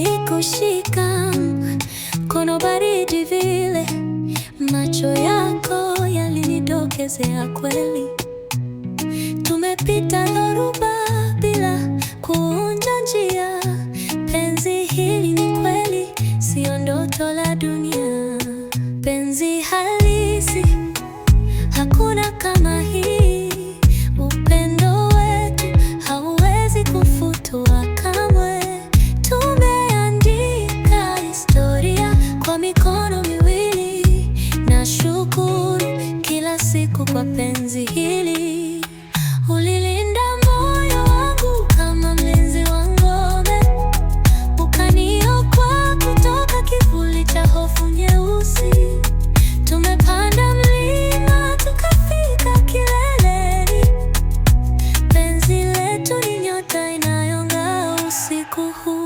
Nilikushika kono baridi vile, macho yako yalinidokezea kweli. Tumepita dhoruba bila kuunja njia, penzi hili ni kweli, sio ndoto la dunia, penzi hali wako kwa penzi hili. Ulilinda moyo wangu kama mlinzi wa ngome, ukaniokoa kutoka kivuli cha hofu nyeusi. Tumepanda mlima tukafika kileleni, penzi letu ni nyota inayong'aa usiku huu.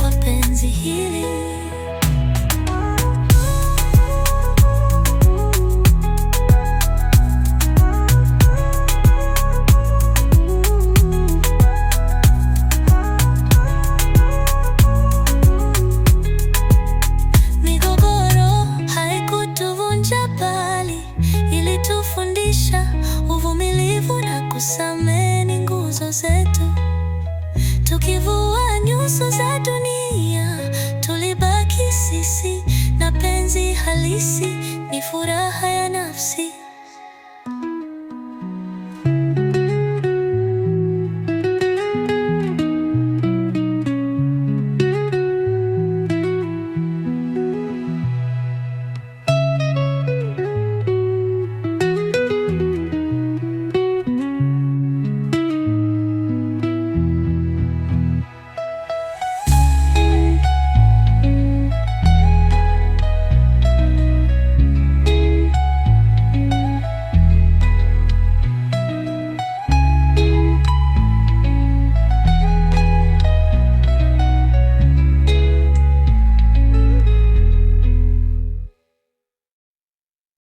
kwa penzi Migogoro haikutuvunja bali ilitufundisha uvumilivu na nguzo zetu tukivua nyuso ni furaha ya nafsi